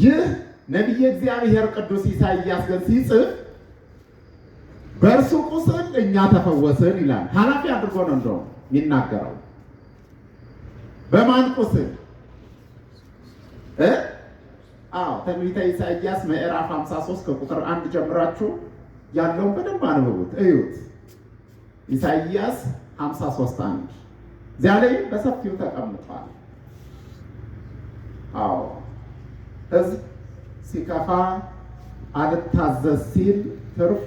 ይህ ነቢየ እግዚአብሔር ቅዱስ ኢሳይያስ ግን ሲጽፍ በእርሱ ቁስል እኛ ተፈወስን ይላል። ኃላፊ አድርጎ ነው እንደውም የሚናገረው። በማን ቁስል? አዎ ትንቢተ ኢሳይያስ ምዕራፍ 53 ከቁጥር አንድ ጀምራችሁ ያለውን በደንብ አንብቡት እዩት። ኢሳይያስ 53 አንድ እዚያ ላይ በሰፊው ተቀምጧል። አዎ ህዝብ ሲከፋ አልታዘዝ ሲል ትርፉ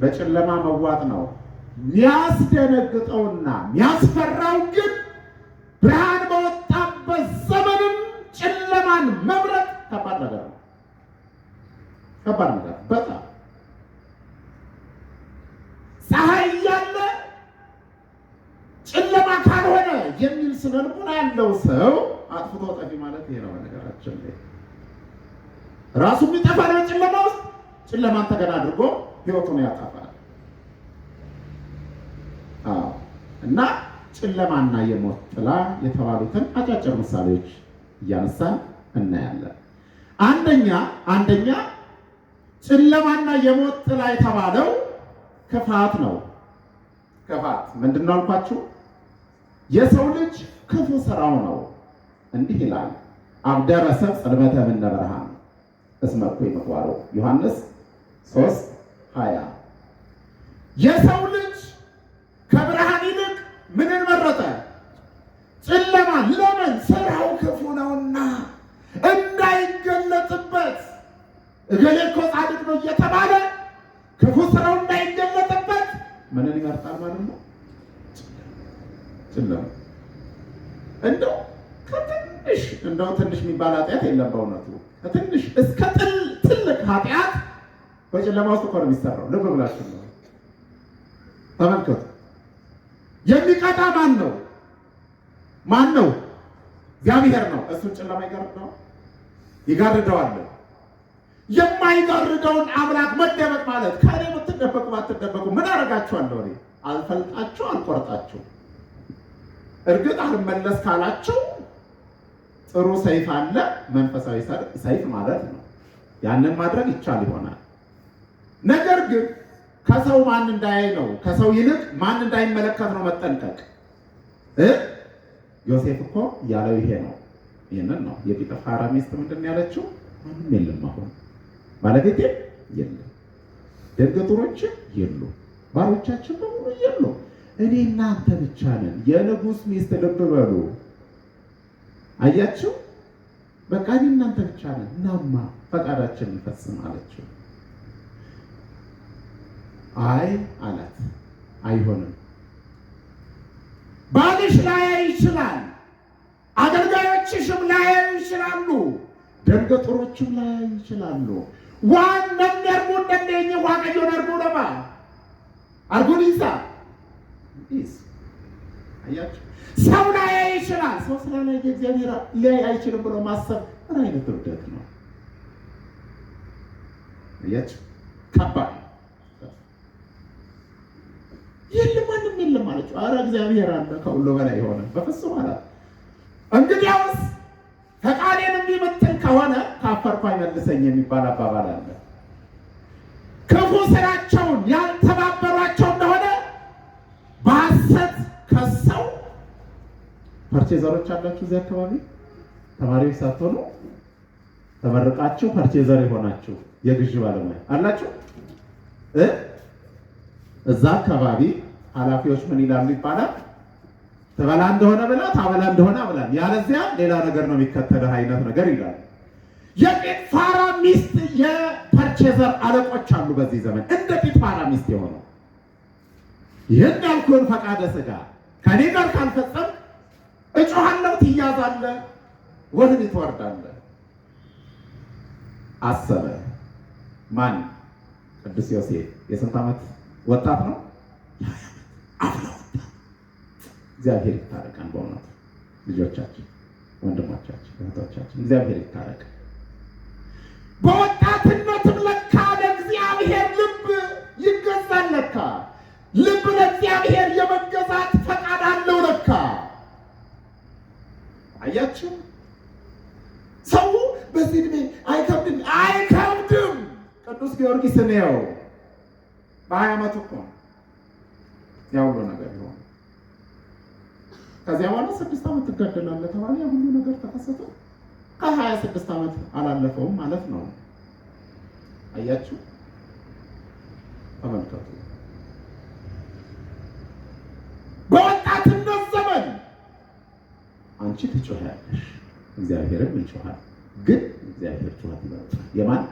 በጨለማ መዋጥ ነው። ሚያስደነግጠውና ሚያስፈራው ግን ብርሃን በወጣበት ዘመንም ጨለማን መምረጥ ከባድ ነገር ነው። ከባድ ነገር በጣም ፀሐይ እያለ ጨለማ ካልሆነ የሚል ስነ ያለው ሰው አጥፍቶ ጠፊ ማለት ይሄ ነው። ነገራችን ላይ ራሱ የሚጠፋ ነው ጨለማ ውስጥ ጨለማን ተገና አድርጎ ህይወቱን ያካፈላል። እና ጨለማና የሞት ጥላ የተባሉትን አጫጭር ምሳሌዎች እያነሳን እናያለን። አንደኛ አንደኛ ጨለማና የሞት ጥላ የተባለው ክፋት ነው። ክፋት ምንድን ነው አልኳችሁ? የሰው ልጅ ክፉ ስራው ነው። እንዲህ ይላል አብደረሰብ ሰብእ ጽልመተ ብርሃን እስመኮ ይምክዋሮ ዮሐንስ 3 20 የሰው ልጅ ከብርሃን ይልቅ ምንን መረጠ? ጨለማ። ለምን? ስራው ክፉ ነውና እንዳይገለጥበት እገሌ እኮ ጻድቅ ነው እየተባለ ክፉ ስራው እንዳይገለጥበት ምንን ይመርጣል ማለት ነው? ጨለማ። እንደው ከትንሽ እንደው ትንሽ የሚባል ኃጢአት የለም በእውነቱ ከትንሽ እስከ ትልቅ ኃጢአት በጨለማ ውስጥ እኮ ነው የሚሰራው። ልብ ብላችሁ ነው ተመልከቱ። የሚቀጣ ማን ነው? ማን ነው? እግዚአብሔር ነው። እሱን ጨለማ ይጋርድ ነው ይጋርደዋል። የማይጋርደውን አምላክ መደበቅ ማለት ከእኔ የምትደበቁ ባትደበቁ ምን አደርጋችኋለሁ? እኔ አልፈልጣችሁ፣ አልቆርጣችሁ። እርግጥ አልመለስ ካላችሁ ጥሩ ሰይፍ አለ፣ መንፈሳዊ ሰይፍ ማለት ነው። ያንን ማድረግ ይቻል ይሆናል። ነገር ግን ከሰው ማን እንዳያይ ነው፣ ከሰው ይልቅ ማን እንዳይመለከት ነው መጠንቀቅ። ዮሴፍ እኮ ያለው ይሄ ነው። ይህንን ነው የጲጥፋራ ሚስት ምንድን ያለችው? ማንም የለም አሁን ባለቤቴ የለም፣ ደንገጡሮችም የሉ፣ ባሮቻችን በሙሉ የሉ፣ እኔ እናንተ ብቻ ነን። የንጉስ ሚስት ልብ በሉ አያችሁ፣ በቃ እናንተ ብቻ ነን እናማ ፈቃዳችን እንፈጽም አለችው። አይ አላት፣ አይሆንም። ባልሽ ላይ ይችላል፣ አገልጋዮችሽም ላይ ይችላሉ፣ ደንገጡሮችም ላይ ይችላሉ። ዋን ነሚያርጉ እንደሚኝ ዋቀዮ ነርጉ ነባ አርጉኒሳ አያችሁ፣ ሰው ላይ ይችላል ሰው ስራ ላይ እግዚአብሔር ላይ አይችልም ብሎ ማሰብ ምን አይነት እብደት ነው? አያችሁ፣ ከባድ የለም ማንም የለም ማለት አረ እግዚአብሔር አለ ከሁሉ በላይ የሆነ በፍጹም አላ እንግዲያውስ ፈቃዴን የሚመጥን ከሆነ ካፈርኩ አይመልሰኝ የሚባል አባባል አለ። ክፉ ስራቸውን ያልተባበ ፐርቼዘሮች አላችሁ እዚህ አካባቢ ተማሪዎች ሳትሆኑ ተመርቃችሁ ፐርቼዘር የሆናችሁ የግዢ ባለሙያ አላችሁ እ እዛ አካባቢ ኃላፊዎች ምን ይላሉ ይባላል ትበላ እንደሆነ ብላ ታበላ እንደሆነ ብላ፣ ያለዚያ ሌላ ነገር ነው የሚከተልህ አይነት ነገር ይላል። የጤፍ ፋራ ሚስት የፐርቼዘር አለቆች አሉ በዚህ ዘመን እንደ ፋራ ሚስት የሆነው ይህን ያልኩህን ፈቃደ ስጋ ከኔ ጋር ካልፈጸም እጮሃለሁ ትያዛለህ፣ ወህኒ ትወርዳለህ። አሰበ ማን? ቅዱስ ዮሴፍ። የስንት ዓመት ወጣት ነው? አፍላ ወጣት። እግዚአብሔር ይታረቀን። በእውነት ልጆቻችን፣ ወንድሞቻችን፣ እህቶቻችን እግዚአብሔር ይታረቀን። በወጣትነትም ለካ ለእግዚአብሔር ልብ ይገዛል። ለካ ልብ ለእግዚአብሔር የመገዛት ፈቃድ አለው። አያችሁ፣ ሰው በዚህ ዕድሜ አይከብድም አይከብድም። ቅዱስ ጊዮርጊስ እንየው፣ በሀያ ዓመቱ እኮ ያ ሁሉ ነገር ይሆን። ከዚያ በኋላ ስድስት ዓመት ትገደላለህ ተባለ። ያ ሁሉ ነገር ተከሰተ። ከሀያ ስድስት ዓመት አላለፈውም ማለት ነው። አያችሁ፣ ተመልከቱ በወጣትነት አንቺ ትጮኸያለሽ፣ እግዚአብሔርም ይጮሃል። ግን እግዚአብሔር ጩኸት ይመርጣል። የማን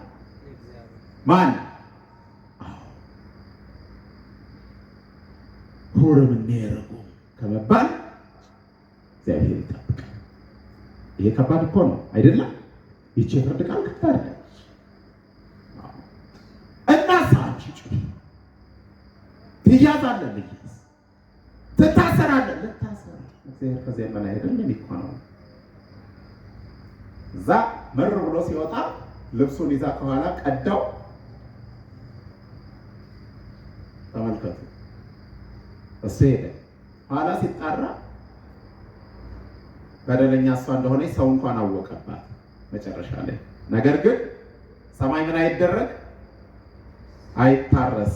ማን? ሁርም እንየረጉ ከመባል እግዚአብሔር ይጠብቃል። ይሄ ከባድ እኮ ነው አይደለም? ይቺ የፍርድ ቃል ከባድ ነው። ትያዛለህ፣ ትታሰራለህ እግዚአብሔር ከዚያ መላሄድ እንደሚኮ ነው። እዛ መር ብሎ ሲወጣ ልብሱን ይዛ ከኋላ ቀዳው። ተመልከቱ። እሱ ሄደ። ኋላ ሲጣራ በደለኛ እሷ እንደሆነ ሰው እንኳን አወቀባት መጨረሻ ላይ። ነገር ግን ሰማይ ምን አይደረግ አይታረስ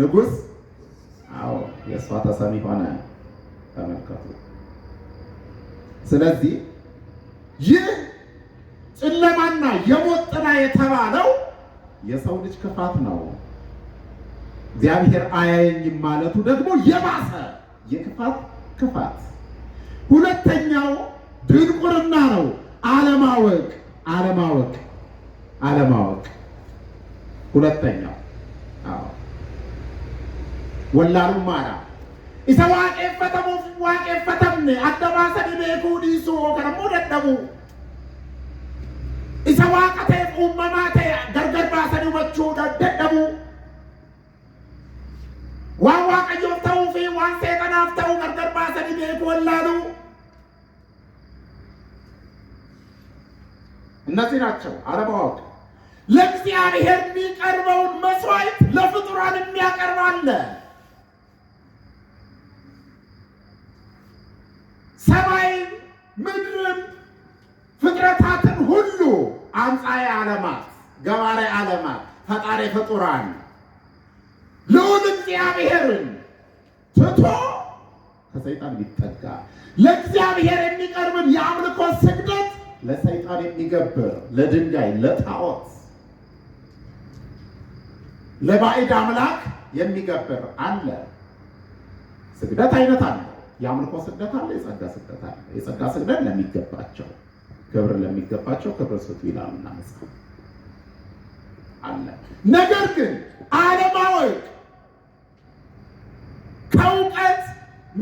ንጉስ አዎ የእሷ ተሰሚ ሆነ። ተመልከቱ። ስለዚህ ይህ ጨለማና የሞት ጥላ የተባለው የሰው ልጅ ክፋት ነው። እግዚአብሔር አያየኝም ማለቱ ደግሞ የባሰ የክፋት ክፋት። ሁለተኛው ድንቁርና ነው። አለማወቅ አለማወቅ አለማወቅ ሁለተኛው ወላሉም ማራ isa waaqeeffatamuuf waaqeeffatamne addamaa sadi beekuu dhiisuu kanammoo dadhabuu isa waaqa ta'eef uumamaa ta'e gargar baasanii hubachuu dadhabuu waan waaqayyoof ta'uu fi waan seexanaaf ta'uu gargar baasanii beekuu wallaaluu እነዚህ ናቸው አለማወቅ። ለእግዚአብሔር የሚቀርበውን መስዋዕት ለፍጡራን የሚያቀርባለ ሰማይን ምድርን ፍጥረታትን ሁሉ አምፃዬ ዓለማት ገባሬ ዓለማት ፈጣሪ ፍጡራን ልዑል እግዚአብሔርን ትቶ ከሰይጣን ቢጠጋ ለእግዚአብሔር የሚቀርብን የአምልኮ ስግደት ለሰይጣን የሚገብር ለድንጋይ ለጣዖት ለባዕድ አምላክ የሚገብር አለ። ስግደት አይነት አለ። የአምልኮ ስግደት አለ፣ የጸጋ ስግደት አለ። የጸጋ ስግደት ለሚገባቸው ክብር ለሚገባቸው ክብር ስጡ ይላሉና መጽሐፍ አለ። ነገር ግን አለማወቅ ከእውቀት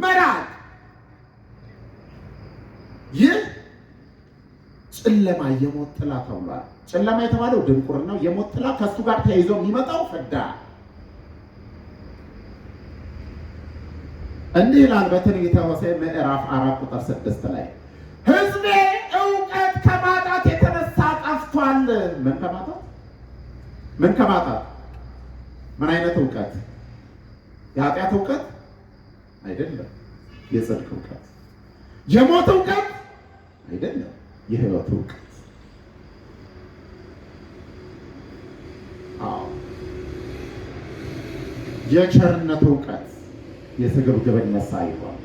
መራቅ ይህ ጨለማ የሞት ጥላ ተብሏል። ጨለማ የተባለው ድንቁርና ነው። የሞት ጥላ ከእሱ ጋር ተያይዞ የሚመጣው ፍዳ እንዲህ ይላል በትንቢተ ሆሴዕ ምዕራፍ አራት ቁጥር ስድስት ላይ ህዝቤ እውቀት ከማጣት የተነሳ ጠፍቷል። ምን ከማጣት ምን ከማጣት ምን አይነት እውቀት? የኃጢአት እውቀት አይደለም፣ የጽድቅ እውቀት፣ የሞት እውቀት አይደለም፣ የህይወት እውቀት። አዎ የቸርነት እውቀት የስግብግብን መሳይ ይሆን።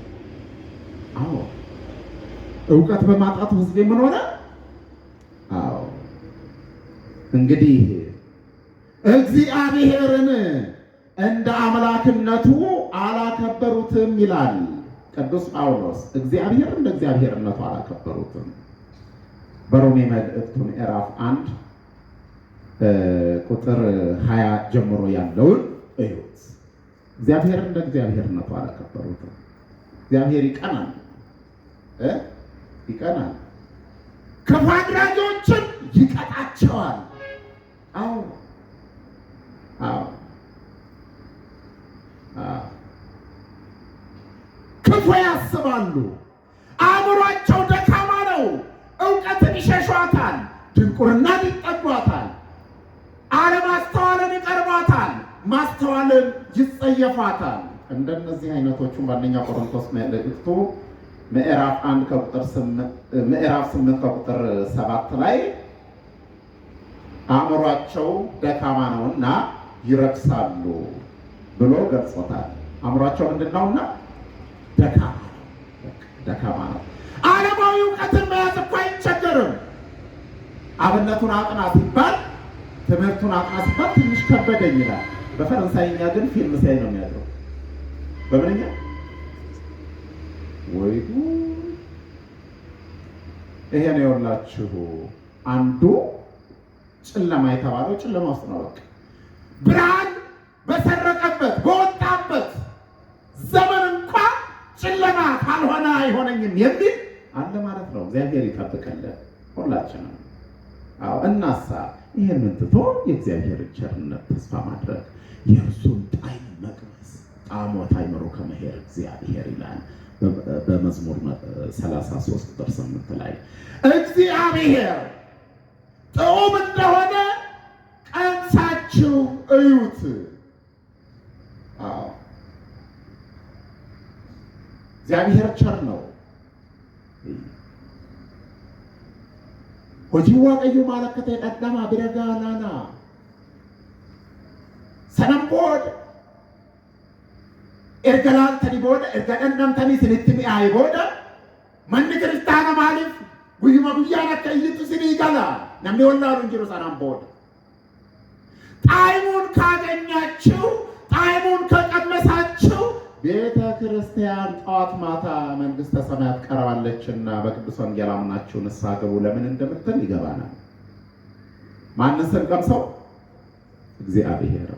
አዎ እውቀት በማጣቱ ውስጥ ምን ሆነ? አዎ እንግዲህ እግዚአብሔርን እንደ አምላክነቱ አላከበሩትም ይላል ቅዱስ ጳውሎስ። እግዚአብሔር እንደ እግዚአብሔርነቱ አላከበሩትም። በሮሜ መልእክቱ ምዕራፍ አንድ ቁጥር ሀያ ጀምሮ ያለውን እዩ። እግዚአብሔር እንደ እግዚአብሔርነቱ አላከበሩትም። እግዚአብሔር ይቀናል እ ይቀናል ክፉ አድራጊዎችን ይቀጣቸዋል። አዎ እንደነዚህ አይነቶቹ በአንደኛ ቆሮንቶስ መልእክቱ ምዕራፍ አንድ ከቁጥር ምዕራፍ ስምንት ከቁጥር ሰባት ላይ አእምሯቸው ደካማ ነውና ይረክሳሉ ብሎ ገልጾታል። አእምሯቸው ምንድን ነውና ደካማ ደካማ ነው። ዓለማዊ እውቀትን መያዝ እኮ አይቸገርም። አብነቱን አጥና ሲባል ትምህርቱን አጥና ሲባል ትንሽ ከበደኝ ይላል። በፈረንሳይኛ ግን ፊልም ሳይ ነው የሚያድረው በምንኛ ወይ ይሄ ነው የወላችሁ አንዱ ጨለማ የተባለው ጨለማ ውስጥ ነው። በቃ ብርሃን በሰረቀበት በወጣበት ዘመን እንኳን ጨለማ ካልሆነ አይሆነኝም የሚል አለ ማለት ነው። እግዚአብሔር ይጠብቀለን ሁላችንም። አዎ እናሳ ይህንን ትቶ የእግዚአብሔር ቸርነት ተስፋ ማድረግ የእርሱን ጣይ አሞት አይምሮ ከመሄድ እግዚአብሔር ይላል በመዝሙር 33 ቁጥር 8 ላይ እግዚአብሔር ጥዑም እንደሆነ ቀምሳችሁ እዩት። እግዚአብሔር ቸር ነው። ሆጂዋ ዋቀዩ ማለከተ የቀደማ ብረጋ ናና ቦድ erga laaltanii booda erga dhandhamtanii isinitti mi'aaye booda manni kiristaana maaliif guyyuma guyyaan akka iyyittu isinii gala namni wallaalu hin jiru sanaan booda ጣዕሙን ካገኛችሁ ጣዕሙን ከቀመሳችሁ ቤተ ክርስቲያን ጠዋት ማታ መንግስተ ሰማያት ቀርባለችና በቅዱስ ወንጌል አምናችሁ ንስሐ ግቡ ለምን እንደምትል ይገባናል። ማንን ስንቀምሰው? እግዚአብሔር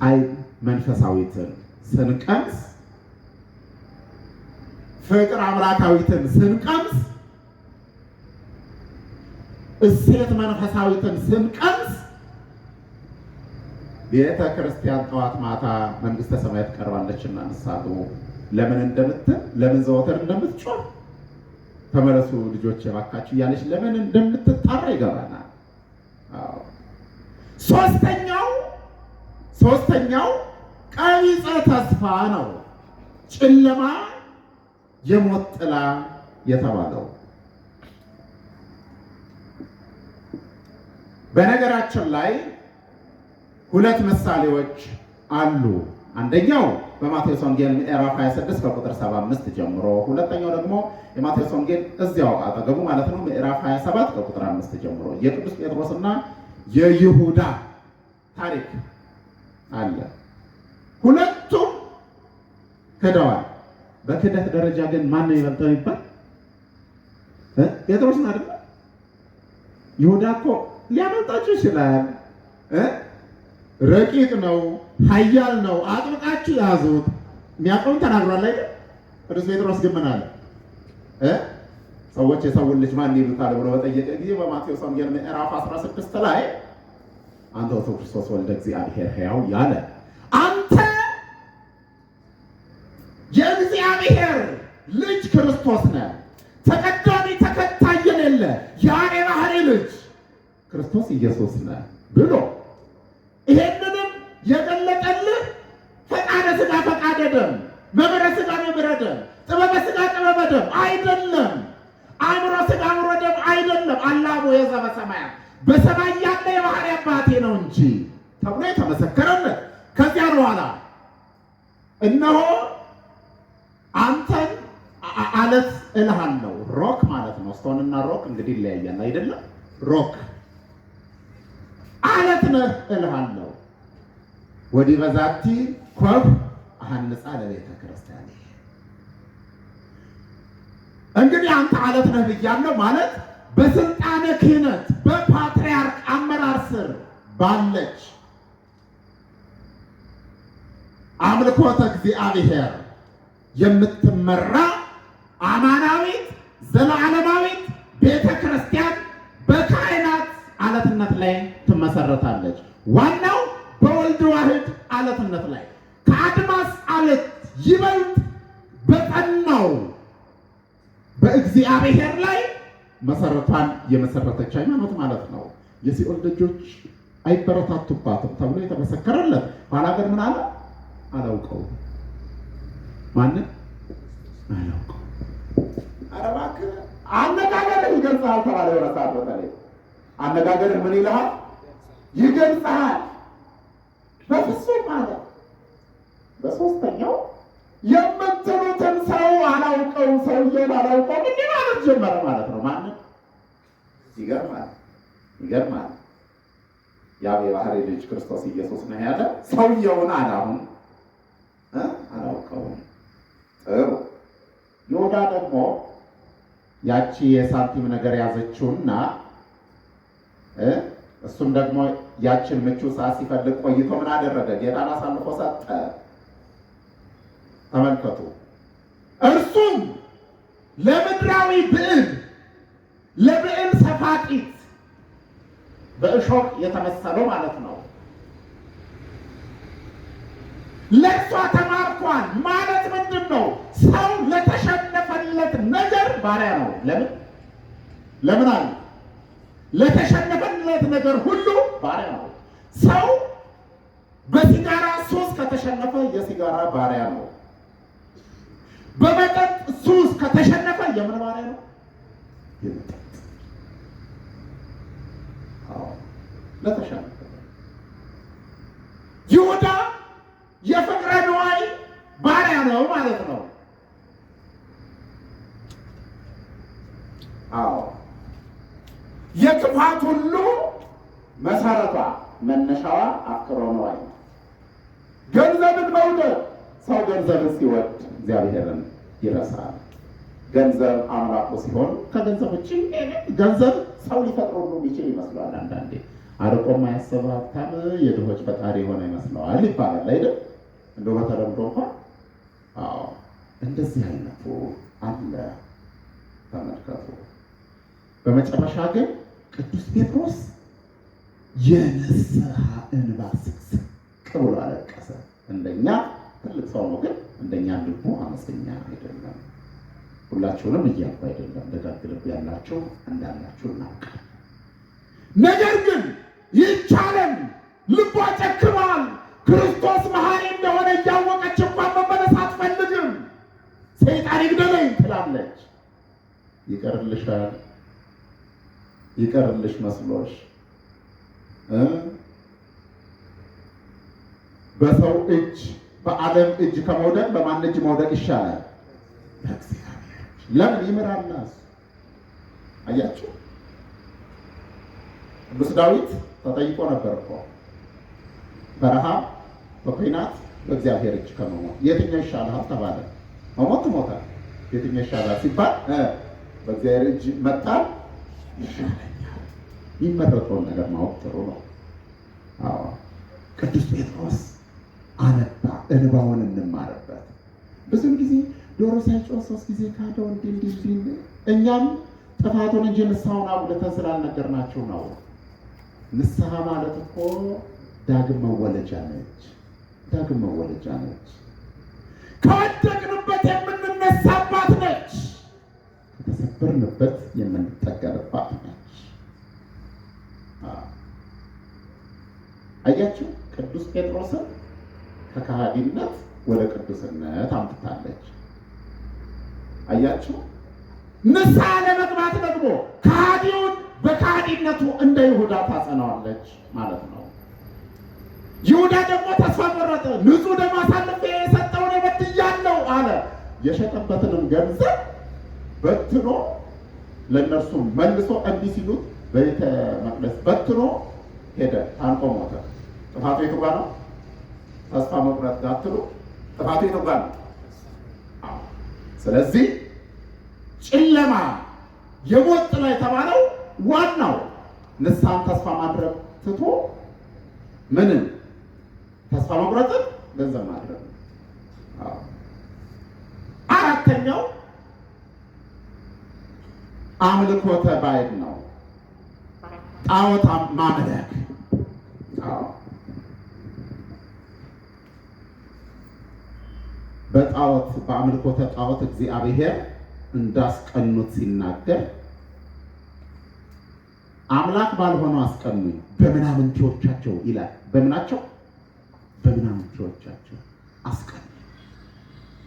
ጣዕም መንፈሳዊትን ስንቀምስ ፍቅር አምላካዊትን ስንቀምስ እሴት መንፈሳዊትን ስንቀምስ ቤተ ክርስቲያን ጠዋት ማታ መንግስተ ሰማያት ቀርባለች ንስሐ ግቡ ለምን እንደምትል ለምን ዘወትር እንደምትጮህ ተመለሱ ልጆች የባካችሁ እያለች ለምን እንደምትጣራ ይገባናል። ሶስተኛው ሶስተኛው ቀቢጸ ተስፋ ነው ጨለማ የሞት ጥላ የተባለው። በነገራችን ላይ ሁለት ምሳሌዎች አሉ። አንደኛው በማቴዎስ ወንጌል ምዕራፍ 26 ከቁጥር 75 ጀምሮ፣ ሁለተኛው ደግሞ የማቴዎስ ወንጌል እዚያው አጠገቡ ማለት ነው ምዕራፍ 27 ከቁጥር 5 ጀምሮ የቅዱስ ጴጥሮስና የይሁዳ ታሪክ አለ። ሁለቱም ክደዋል። በክደት ደረጃ ግን ማን ነው ይበልተው ይባል? ጴጥሮስን አይደለ? ይሁዳ እኮ ሊያመልጣችሁ ይችላል። ረቂቅ ነው፣ ኃያል ነው፣ አጥብቃችሁ ያዙት። የሚያውቀውን ተናግሯል አይደል? ቅዱስ ጴጥሮስ ግን ምን አለ? ሰዎች የሰውን ልጅ ማን ይሉታል ብሎ በጠየቀ ጊዜ በማቴዎስ ወንጌል ምዕራፍ 16 ላይ አንተ ወቶ ክርስቶስ ወልደ እግዚአብሔር ሕያው ያለ እግዚአብሔር ልጅ ክርስቶስ ነ ተቀዳሚ ተከታይ የሌለ ያ የባህሪ ልጅ ክርስቶስ ኢየሱስ ነው ብሎ ይሄንንም የገለጠልህ ፈቃደ ሥጋ ፈቃደ ደም፣ መብረ ሥጋ መብረ ደም፣ ጥበበ ሥጋ ጥበበ ደም አይደለም። አእምሮ ሥጋ አእምሮ ደም አይደለም። አላቦ የዘበ ሰማያት በሰማይ ያለ የባህሪ አባቴ ነው እንጂ ተብሎ የተመሰከረለት ከዚያ በኋላ እነሆ አንተን አለት እልሃለሁ። ሮክ ማለት ነው። ስቶን እና ሮክ እንግዲህ ይለያያል አይደለም? ሮክ አለት ነህ እልሃለሁ። ወዲህ በዛቲ ኮብ አሃንጻ ለቤተ ክርስቲያን። እንግዲህ አንተ አለት ነህ ብያለሁ ማለት በስልጣነ ክህነት በፓትርያርክ አመራር ስር ባለች አምልኮተ እግዚአብሔር የምትመራ አማናዊት ዘለዓለማዊት ቤተ ክርስቲያን በካህናት አለትነት ላይ ትመሰረታለች። ዋናው በወልድ ዋህድ አለትነት ላይ ከአድማስ አለት ይበልጥ በጠናው በእግዚአብሔር ላይ መሰረቷን የመሰረተች ሃይማኖት ማለት ነው። የሲኦል ደጆች አይበረታቱባትም ተብሎ የተመሰከረለት ኋላ ግን ምን አለ አላውቀውም ማንን አላውቀው። ኧረ እባክህ አነጋገርን ይገልጽሃል ተባለ። የሆነ ሰዓት በተለይ አነጋገርን ምን ይልሃል? ይገልጽሃል። በፍጹም አለ። በሶስተኛው የምትሉትን ሰው አላውቀው፣ ሰውዬውን አላውቀው እንዲህ ማለት ጀመረ ማለት ነው። ማንን ይገርማል፣ ይገርማል። ያ የባህሪ ልጅ ክርስቶስ ኢየሱስ ነው ያለ ሰውየውን አላሁን አላውቀውም ጥሩ። ይሁዳ ደግሞ ያቺ የሳንቲም ነገር ያዘችውና እሱም ደግሞ ያችን ምቹ ሰዓት ሲፈልግ ቆይቶ ምን አደረገ? ጌታን አሳልፎ ሰጠ። ተመልከቱ። እርሱም ለምድራዊ ብዕል ለብዕል ሰፋቂት በእሾህ የተመሰለው ማለት ነው ለእርሷ ባሪያ ነው። ለምን ለምን አለ ለተሸነፈለት ነገር ሁሉ ባሪያ ነው። ሰው በሲጋራ ሱስ ከተሸነፈ የሲጋራ ባሪያ ነው። በመጠጥ ሱስ ከተሸነፈ የምን ባሪያ ነው? የመጠጥ ለተሸነፈ ይሁዳ የፍቅረ ንዋይ ባሪያ ነው ማለት ነው። አዎ የጥፋት ሁሉ መሰረቷ መነሻዋ አክሮኖ አይነ ገንዘብን መውደድ ሰው ገንዘብ ሲወድ እግዚአብሔርን ይረሳል። ገንዘብ አምላኩ ሲሆን ከገንዘብ ውጭ ገንዘብ ሰው ሊፈጥሮ የሚችል ይመስለዋል። አንዳንዴ አርቆ የማያስብ ሀብታም የድሆች ፈጣሪ የሆነ ይመስለዋል ይባላል አይደል? እንደ በተለምዶ እንኳን እንደዚህ አይነቱ አለ ተመልከቱ። በመጨረሻ ግን ቅዱስ ጴጥሮስ የንስሐ እንባ ስቅስቅ ብሎ አለቀሰ። እንደኛ ትልቅ ሰው ነው፣ ግን እንደኛ ልቡ አመፀኛ አይደለም። ሁላችሁንም እያልኩ አይደለም። ደጋግ ልብ ያላችሁ እንዳላችሁ እናውቃለን። ነገር ግን ይቻለን ልቧ ጨክሯል። ክርስቶስ መሀል እንደሆነ እያወቀች እንኳን መመለስ አትፈልግም። ሰይጣን ይግደለኝ ትላለች። ይቀርልሻል ይቀርልሽ መስሎሽ እ በሰው እጅ በዓለም እጅ ከመውደቅ በማን እጅ መውደቅ ይሻላል? ለምን ይምራና አያችሁ፣ ቅዱስ ዳዊት ተጠይቆ ነበር እኮ በረሃ በኩናት በእግዚአብሔር እጅ ከመሞት የትኛው ይሻልሃል ተባለ። መሞት ሞታል፣ የትኛው ይሻላል ሲባል በእግዚአብሔር እጅ መጣል ይሻለኛል። የሚመረጠውን ነገር ማወቅ ጥሩ ነው። ቅዱስ ጴጥሮስ አነባ፣ እንባውን እንማርበት። ብዙም ጊዜ ዶሮ ሳይጮህ ሶስት ጊዜ ካደው እንዲ እንዲ እንዲህ እኛም ጥፋቱን እንጂ ንስሐውን አጉልተን ስላልነገርናችሁ ነው። ንስሐ ማለት እኮ ዳግም መወለጃ ነች። ዳግም መወለጃ ነች። ከወደቅንበት የምንነሳባት ነች። የሰበርንበት የምንጠገንባት ነች። አያችሁ፣ ቅዱስ ጴጥሮስን ከካህዲነት ወደ ቅዱስነት አምጥታለች። አያችሁ፣ ንስሐ ለመግባት ደግሞ ከሃዲውን በካህዲነቱ እንደ ይሁዳ ታጸናዋለች ማለት ነው። ይሁዳ ደግሞ ተስፋ ቆረጠ። ንጹሕ ደም አሳልፌ የሰጠውን በድያለሁ አለ። የሸጠበትንም ገንዘብ በትኖ ለእነርሱ መልሶ እንዲህ ሲሉት በቤተ መቅደስ በትኖ ሄደ፣ ታንቆ ሞተ። ጥፋቱ የቱ ጋር ነው? ተስፋ መቁረጥ ጋር ጥፋቱ የቱ ጋር ነው? ስለዚህ ጨለማ የሞት ጥላ የተባለው ዋናው ንስሐን ተስፋ ማድረግ ትቶ ምንም ተስፋ መቁረጥን ገንዘብ ማድረግ ነው። አራተኛው አምልኮተ ባዕድ ነው። ጣዖት ማምለክ በጣዖት በአምልኮተ ጣዖት እግዚአብሔር እንዳስቀኑት ሲናገር አምላክ ባልሆነው አስቀኑኝ በምናምንቴዎቻቸው ይላል። በምናቸው በምናምንቴዎቻቸው አስቀኑ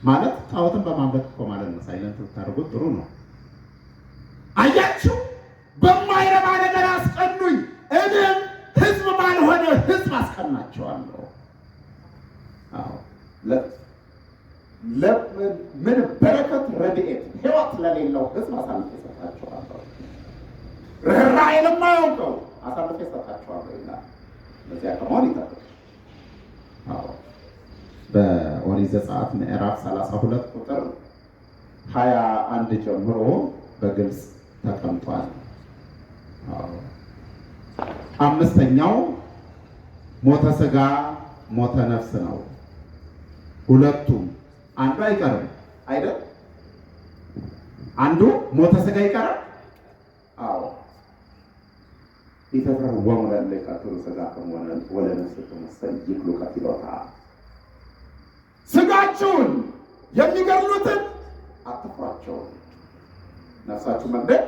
ማለት ጣዖትን በማምለክ እኮ ማለት ነው። ሳይለንት ብታደርጉት ጥሩ ነው። አያችሁ፣ በማይረባ ነገር አስቀኑኝ፣ እኔም ህዝብ ባልሆነ ህዝብ አስቀናቸዋለሁ። ምን በረከት ረድኤት፣ ህይወት ለሌለው ህዝብ አሳልፌ እሰጣቸዋለሁ፣ ርኅራኄ ለማያውቀው አሳልፌ እሰጣቸዋለሁ ይላል። በዚያ ከመሆን ይጠብቅ። በኦሪት ዘጸአት ምዕራፍ 32 ቁጥር 21 ጀምሮ በግልጽ ተቀምጧል። አምስተኛው ሞተ ስጋ ሞተ ነፍስ ነው። ሁለቱም አንዱ አይቀርም አይደል? አንዱ ሞተ ስጋ ይቀራል። አዎ ኢተፈወሙ ለእለይካትሩ ሥጋክሙ ወለነፍስክሙ ሰይክሉ ከፊሎታ ስጋችሁን የሚገድሉትን አትፍሯቸውም ነፍሳችሁ መግደል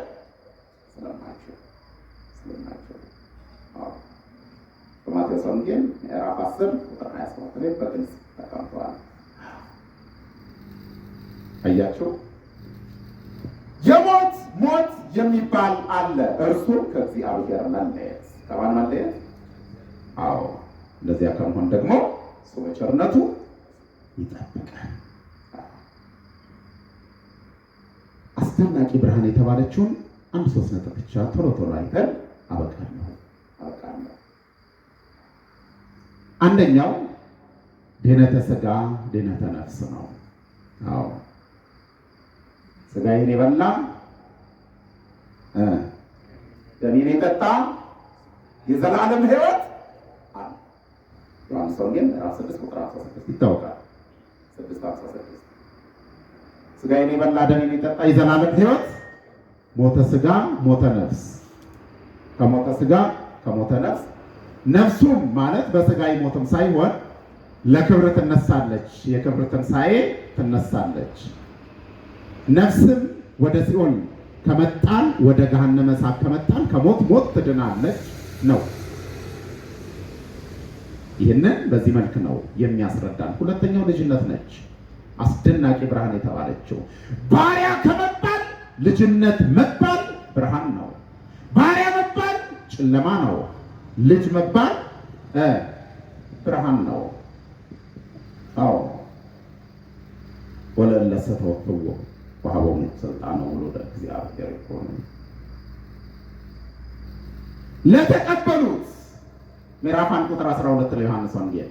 ስለማችሁ በማቴዎስ ወንጌል ምዕራፍ ቁጥር ላይ በግልጽ አያችሁ የሞት ሞት የሚባል አለ። እርሱ ከእግዚአብሔር መለየት ከማን መለየት? አዎ እንደዚያ ከመሆን ደግሞ ሰው በቸርነቱ ይጠብቃል። አስደናቂ ብርሃን የተባለችውን አንድ ሶስት ነጥብ ብቻ ቶሎ ቶሎ አይተን አበቃለሁ። አንደኛው ድህነተ ስጋ ድህነተ ነፍስ ነው። አዎ ስጋዬን የበላ ደሜን የጠጣ የዘላለም ሕይወት ዮሐንስ ወንጌል ምዕራፍ ስድስት ቁጥር አስራ ስድስት ይታወቃል። ስድስት አስራ ስድስት ስጋዬን የበላ ደሜን የጠጣ የዘላለም ሕይወት ሞተ ስጋ ሞተ ነፍስ ከሞተ ስጋ ከሞተ ነፍስ ነፍሱም ማለት በስጋ ሞትም ሳይሆን ለክብር ትነሳለች፣ የክብር ትንሣኤ ትነሳለች። ነፍስም ወደ ሲኦል ከመጣል ወደ ገሃነመ እሳት ከመጣል ከሞት ሞት ትድናለች ነው። ይህንን በዚህ መልክ ነው የሚያስረዳን። ሁለተኛው ልጅነት ነች። አስደናቂ ብርሃን የተባለችው ባሪያ ከመባል ልጅነት መባል ብርሃን ነው። ባሪያ መባል ጨለማ ነው። ልጅ መባል ብርሃን ነው። አዎ ወለለሰ ተወክቦ በሀቦሙ ስልጣኑ ውሉደ እግዚአብሔር ሆነ። ለተቀበሉት ምዕራፍ አንድ ቁጥር 12 ለዮሐንስ ወንጌል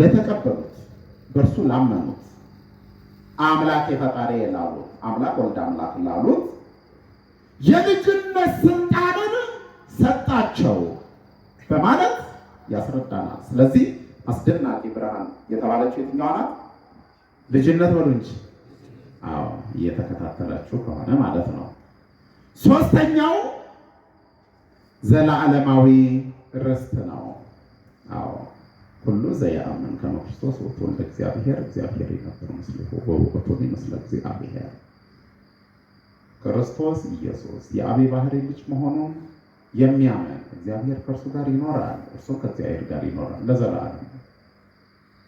ለተቀበሉት በእርሱ ላመኑት አምላክ የፈጣሪ ላሉት አምላክ ወልድ አምላክ ላሉት የልጅነት ስልጣንን ሰጣቸው በማለት ያስረዳናል። ስለዚህ አስደናቂ ብርሃን የተባለችው የትኛዋ ናት? ልጅነት በሉ እንጂ። አዎ እየተከታተላችሁ ከሆነ ማለት ነው። ሶስተኛው ዘለዓለማዊ ርስት ነው። አዎ ሁሉ ዘየአምን ከመ ክርስቶስ ወቶን እንተ እግዚአብሔር እግዚአብሔር ይነብር ምስልሁ ወውእቱን ይመስለ እግዚአብሔር። ክርስቶስ ኢየሱስ የአቤ ባሕርይ ልጅ መሆኑን የሚያምን እግዚአብሔር ከእርሱ ጋር ይኖራል፣ እርሱ ከእግዚአብሔር ጋር ይኖራል ለዘላለም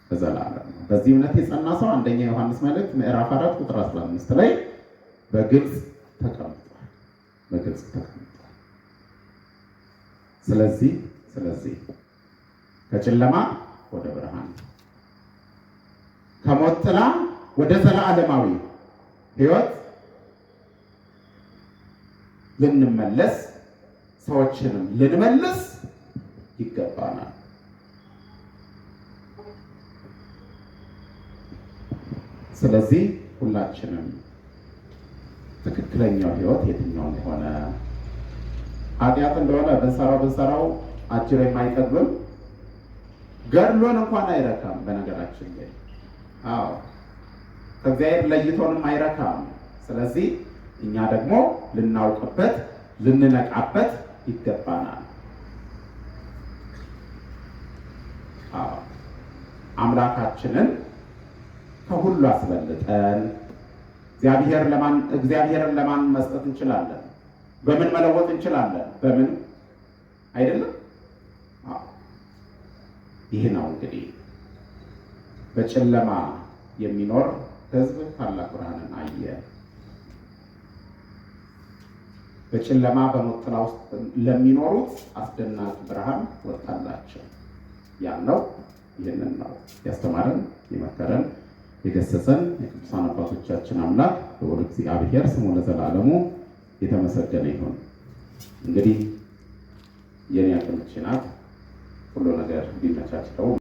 ለዘላለም ነው። በዚህ እምነት የጸና ሰው አንደኛ ዮሐንስ መልእክት ምዕራፍ አራት ቁጥር አስራ አምስት ላይ በግልጽ ተቀምጧል። በግልጽ ተቀምጧል። ስለዚህ ስለዚህ ከጨለማ ወደ ብርሃን፣ ከሞት ጥላ ወደ አለማዊ ህይወት ልንመለስ ሰዎችንም ልንመልስ ይገባናል። ስለዚህ ሁላችንም ትክክለኛው ህይወት የትኛው እንደሆነ ኃጢአት እንደሆነ ብንሰራው ብንሰራው አጅር የማይጠግብም ገድሎን እንኳን አይረካም። በነገራችን ላይ አዎ ከእግዚአብሔር ለይቶንም አይረካም። ስለዚህ እኛ ደግሞ ልናውቅበት ልንነቃበት ይገባናል። አምላካችንን ከሁሉ አስበልጠን እግዚአብሔርን ለማን መስጠት እንችላለን? በምን መለወጥ እንችላለን? በምን አይደለም ይህ ነው እንግዲህ በጨለማ የሚኖር ህዝብ ታላቅ ብርሃንን አየ። በጨለማ በሞት ጥላ ውስጥ ለሚኖሩት አስደናቂ ብርሃን ወጣላቸው። ያለው ይህንን ነው ያስተማረን፣ የመከረን፣ የገሰሰን የቅዱሳን አባቶቻችን አምላክ በወደ እግዚአብሔር ስሙ ለዘላለሙ የተመሰገነ ይሁን። እንግዲህ የኔ አቅምች ናት por lo que has